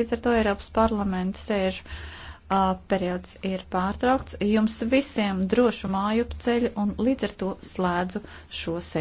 Līdz ar to Eiropas parlamenta sēžu uh, periods ir pārtraukts. Jums visiem drošu māju ceļu un līdz ar to slēdzu šo sēžu.